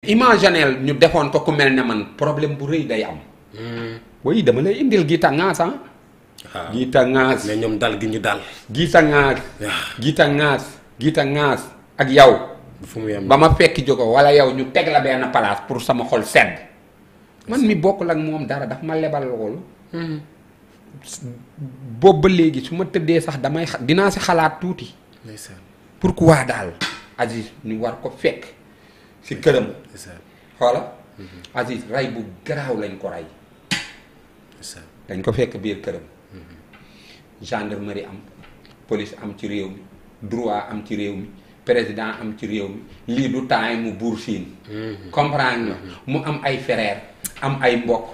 imaginel ñu defoon ko ku mel ne man problème bu rëy day am. Hmm. oui dama lay indil Guita Ngaas ah. waaw ah. Guita Ngaas mais dal gi ñu dal. Guita Ngaas. waaw ak yow. ba ma fekk jógo wala yow ñu teg la benn palaas pour sama xol sedd. man mi bokkul ak moom dara daf ma lebal loolu. Hmm. boobu ba léegi su ma tëddee sax damay dinaa si xalaat tuuti. pourquoi daal Aziz ñu war ko fekk. ci këram. xoola mm-hmm. Aziz ray bu garaaw lañ ko ray dañ ko fekk biir këram. Mm-hmm. gendarmerie am police am ci réew mi droit am ci réew mi président am ci réew mi lii du temps mu buur siin mm-hmm. comprendre mu am ay frère am ay mbokk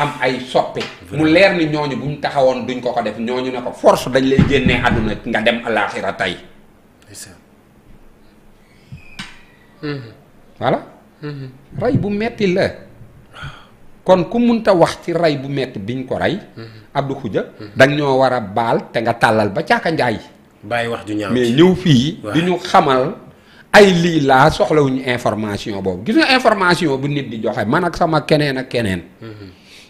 am ay soppe mu leer ni ñooñu bu taxawoon duñ ko ko def ñooñu ne ko force dañ lay génnee àdduna nga dem alaaxira tey voilà mm-hmm. rey bu metti la kon ku munta wax ci rey bu metti biñ ko rey mm-hmm. Abdou Khoudia mm-hmm. danga ñoo war a baal te nga tàllal ba caaka njaay bàyyi wax ju ñaaw mais ñëw fii di ñu xamal ay lii laa soxlawuñu information boobu gis nga information bu nit di joxe man ak sama keneen ak keneen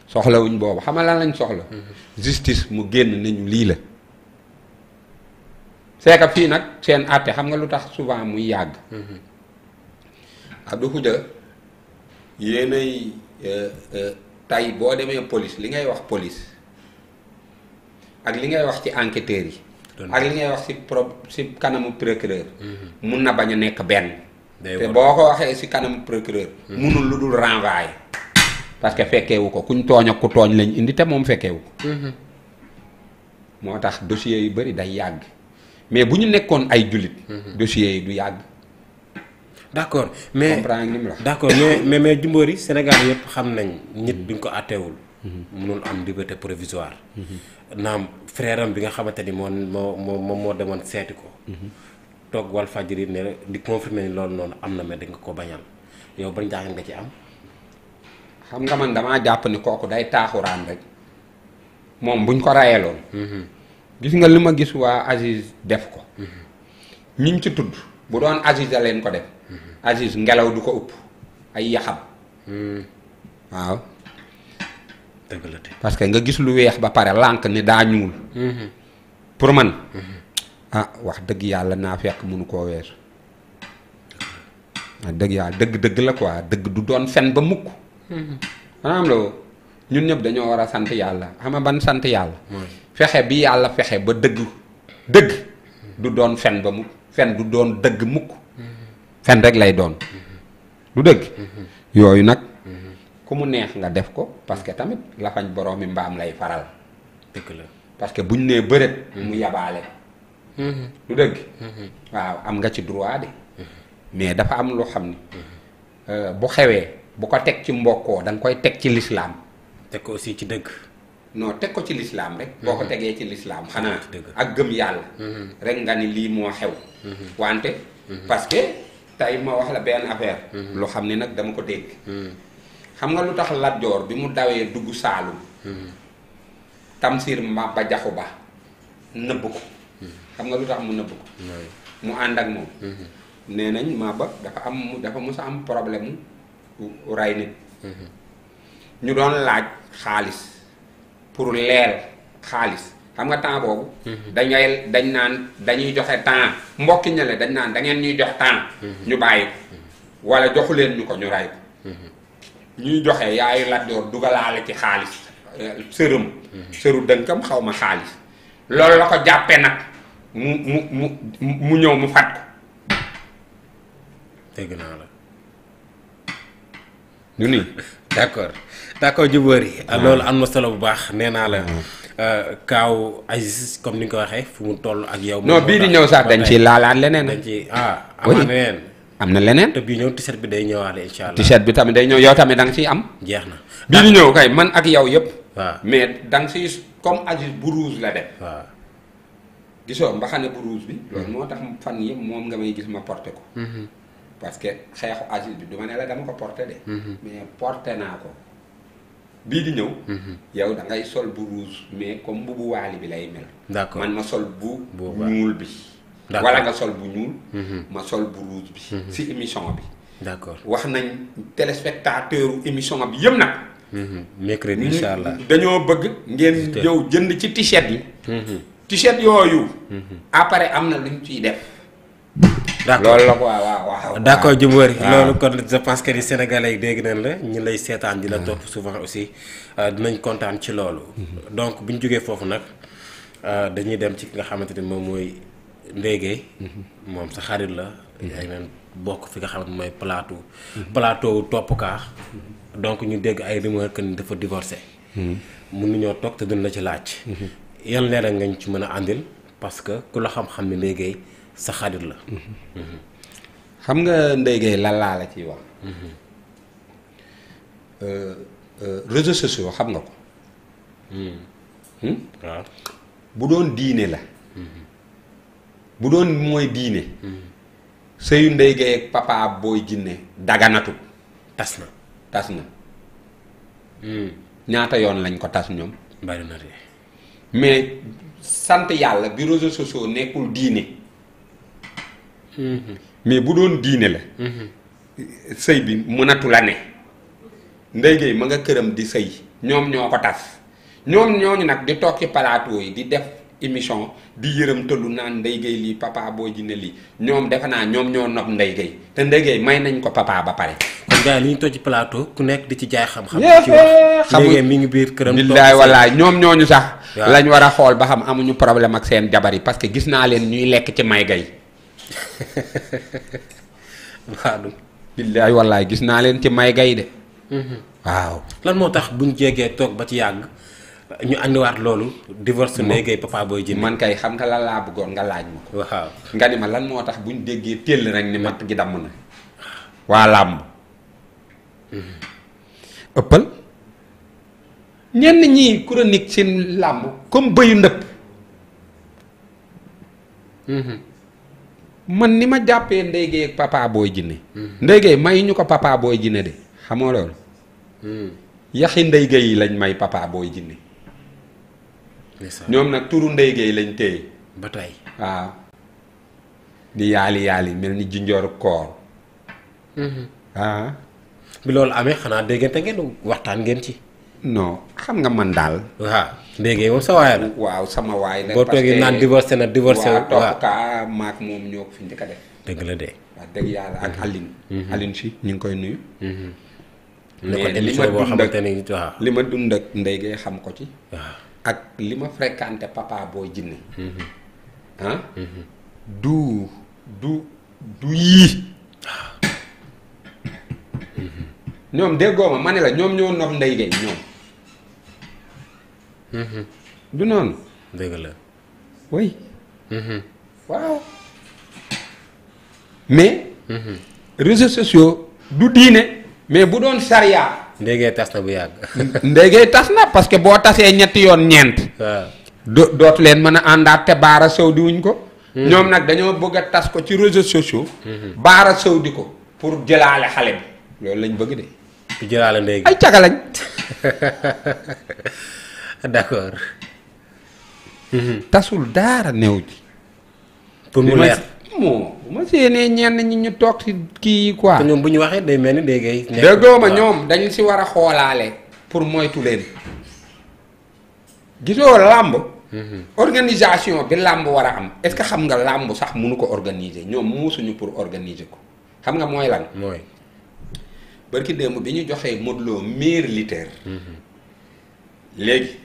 soxlawuñ boobu xam nga soxla justice mu génn nañu lii la c'est fii nag seen àtte xam nga lu tax souvent muy yàgg Abdou Khoudia yéenay euh, euh, tay boo demee police li ngay wax police ak li ngay wax ci enquêteurs yi. ak li ngay wax si pro si kanamu procureur. Mhm. mun na bañ a nekk benn. te boo ko waxee si kanamu procureur. Mhm. munul lu dul renvoyer. parce que fekkeewu ko kuñ tooñ ak ku tooñ lañ indi te moom fekkeewu ko. Mhm. moo tax dossiers yu bëri day yàgg mais bu ñu nekkoon ay jullit. dossiers yi du yàgg. d' accord mais comprendre d' accord mais mais mais Jimbori Sénégal yëpp xam nañ nit bi ko àtteewul. mënul am liberté provisoire. naam frère bi nga xamante ni moo moo moo moo demoon seeti ko. toog wal fajiri ne di confirmer ni loolu noonu am na mais da nga ko bañal yow bañ jaaxal nga ci am. xam nga man damaa jàpp ni kooku day taaxuraan rek moom buñ ko rayeloon. gis nga li ma gis waa Aziz def ko. ñiñ ci tudd bu doon Aziz a leen ko def. Mm-hmm. Aziz ngelaw du ko ëpp ay yaxam. Mm-hmm. waaw. dëgg parce que nga gis lu weex ba pare lànk ni daa ñuul. Mm-hmm. pour man. ah wax dëgg yàlla naa fekk mënu koo weesu. dëgg yàlla dëgg dëgg la quoi dëgg du doon fen ba mukk. maanaam la ñun ñëpp dañoo war a sant yàlla xam nga ban sant yàlla. fexe bi yàlla fexe ba dëgg dëgg. du doon fen ba mukk fen du doon dëgg mukk. fen rek lay doon lu dëgg yooyu nag ku mu neex nga def ko parce que tamit lafañ borom mi mbaam lay faral dëgg la parce que buñ nee bërët mm-hmm. mu yabaale lu mm-hmm. dëgg mm-hmm. waaw am nga ci droit mais dafa am loo xam ni euh, bu xewee bu ko teg ci mbokkoo da nga koy teg ci lislaam teg ko aussi ci dëgg noo teg ko ci lislaam rek boo ko tegee ci lislaam xanaa ak gëm yàlla rek nga ni lii moo xew wante parce tey ma wax la benn affaire. Mm-hmm. lu xam ni nag dama ko dégg. Mm-hmm. xam nga lu tax Lat Joor bi mu dawee dugg Saalum. Mm-hmm. Tamsir ma ba jaxu ba nëbb ko. xam nga lu tax mu nëbb ko. mu ànd ak moom. nee nañ maa ba dafa am dafa mos a am problème mu rey nit. ñu doon laaj xaalis pour leel xaalis. xam nga temps boobu. Mhm. dañuy dañ naan dañuy joxe temps mbokki ñale dañ naan da ñuy jox temps. Mhm. ñu bàyyi ko mhm. wala joxu leen ñu ko ñu ray ko. ñuy joxe yaayu Lat Joor dugalaale ci xaalis euh, sërëm. sëru dënkam xaw ma xaalis. loolu la ko jàppee nag mu mu mu mu ñëw mu fat ko. dégg naa la. ñu ni d'accord d'accord jubóor yi. Ah. loolu am na solo bu baax nee naa la. Mm. Euh, kaaw Aziz comme ni nga ko waxee fu mu toll ak yow. non bii di ñëw sax dañ ci laalaat leneen. ci ah leneen. am na leneen. te bii ñëw t-shirt bi day ñëwaale incha allah. t-shirt bi tamit day ñëw yow tamit da nga ciy am. jeex na bii di ñëw kay man ak yow yëpp. mais da si ciy comme Aziz bu rouge la dem. waaw. gisoo mbaxane bu rouge bi. Hmm. moo tax fan yi moom nga may gis ma porté ko. Hmm. parce que xeexu Aziz bi du ne la dama ko porté de. Hmm. mais porté naa ko. bii di ñëw. Mhm. yow da sol bu rouge mais comme bu bu waali bi lay mel. d'accord man ma sol bu. ñuul bi. wala nga sol bu ñuul. Mhm. ma sol bu rouge bi. Mhm. si émission bi. d'accord wax nañ téléspectateur émission bi yëpp nag. mercredi incha allah dañoo bëgg ngeen ñëw jënd ci t-shirt yi. t-shirt yooyu. après am na luñ ciy def. d'accord loolu la quoi waaw waaw. d'accord Djimbori loolu kon je que ni sénégalais yi dégg nañ la ñu lay seetaan di la hmm. topp souvent aussi euh, dinañ kontaan ci loolu. Hmm. donc buñ jógee foofu nag euh, dañuy dem ci ki nga xamante ni moom mooy ndéegéey. Hmm. moom sa xarit la. yaa ngi bokk fi nga xamante mooy plateau. plateau topp kaa donc ñu dégg ay rumeur que ni dafa divorcé. mun nañoo toog te duñ la ci laaj. yan leeral nga ñu ci mën a àndil parce que ku la xam-xam ne ndéegéey. sa xarit la. xam nga Ndeye Gueye lan laa la ciy wax. Euh, euh, réseaux sociaux xam nga ko. Hmm. Hmm? Ah. bu doon diine la. bu doon mooy diine. sëyu Ndeye Gueye ak papa booy jinne daganatu. tas na tas na. Hmm. ñaata yoon lañ ko tas ñoom. mais sant yàlla bi réseaux sociaux nekkul diine. Mm-hmm. mais bu doon diine la. Mm-hmm. sëy bi mënatu la ne. Ndeye Gueye ma nga këram di sëy ñoom ñoo ko tas ñoom ñooñu nag di toog ci plateau yi di def émission di yërëm tëlu naan Ndeye Gueye lii papa boo ji ne lii ñoom defe naa ñoom ñoo nopp Ndeye Gueye te Ndeye Gueye may nañ ko papa ba pare. kon li ñu toj ci plateau ku nekk di ci jaay xam-xam. ci wax Ndeye Gueye mi ngi biir këram. billaay wallaay ñoom ñooñu sax. lañ war a xool ba xam amuñu problème ak seen jabar yi parce que gis naa leen ñuy lekk ci may gay waaw. billaay wallaay gis naa leen ci may gay de. Mhm. waaw. lan moo tax buñ jegee toog ba ci yàgg ñu andiwaat loolu. divorce Ndeye Gueye Papa Boy man kay xam nga lan laa bëggoon nga laaj ma waaw nga ni ma lan moo tax buñ déggee teel rek ni matt gi damm na. Ah. waa làmb. Mhm. ëppal. ñenn ñii chronique ci làmb comme bëyu ndëpp. Mhm. man ni ma jàppee Ndeye Gueye ak papa booy jinne mm-hmm. Ndeye Gueye ñu ko papa booy jinne de xamoo loolu. Mm. yaxi Ndeye yi lañ may papa booy jinne ñoom nag turu Ndeye lañ téye. ba tey waaw. di yaali yaali mel ni jinjooru koor. Mm-hmm. Ah. bi loolu amee xanaa déggante ngeen waxtaan ngeen ci. no xam nga man daal. waaw léegi moom sa waay la. waaw sama waay la. boo toogee naan divorcé na divorcé waaw topp kaa maak moom ñoo ko fi njëkk a def. dëgg la de. dëgg yàlla ak mhm. Aline. Mhm. Aline si ñu ngi koy nuyu. Mhm. mais li ma dund ak li ma dund ak xam ko ci. ak li ma fréquenté papa booy jinne ah. du du du yii. Ah. ñoom déggoo ma ma ne la ñoom ñoo nopp ndey ñoom. Mm-hmm. du noonu. dëgg la. oui. Mm-hmm. waaw. mais. Mm-hmm. réseaux sociaux du diine. mais bu doon sariya. ndéegee tas na bu yàgg. ndéegee tas na parce que boo tasee ñetti yoon ñeent. waaw do dootu leen mën a àndaat te baara sëw ko. ñoom nag dañoo bëgg a tas ko ci réseaux sociaux. baara sëw ko pour jëlaale xale bi. loolu lañ bëgg de. jëlaale ndéegi ay caga d'accord. tasul daara néew ji. pour mu leer moo ma séenee ñenn ñi ñu toog si kii yi quoi. ñoom bu ñu waxee day mel ni day gay. déggoo ma ñoom dañu si war a xoolaale pour moytu leen. gisoo làmb. Mhm. organisation bi làmb war a am est-ce que xam nga làmb sax mënu ko organiser ñoom muusuñu pour organiser ko xam nga mooy lan. mooy barki démb bi ñu joxee Modou Lo meilleur léegi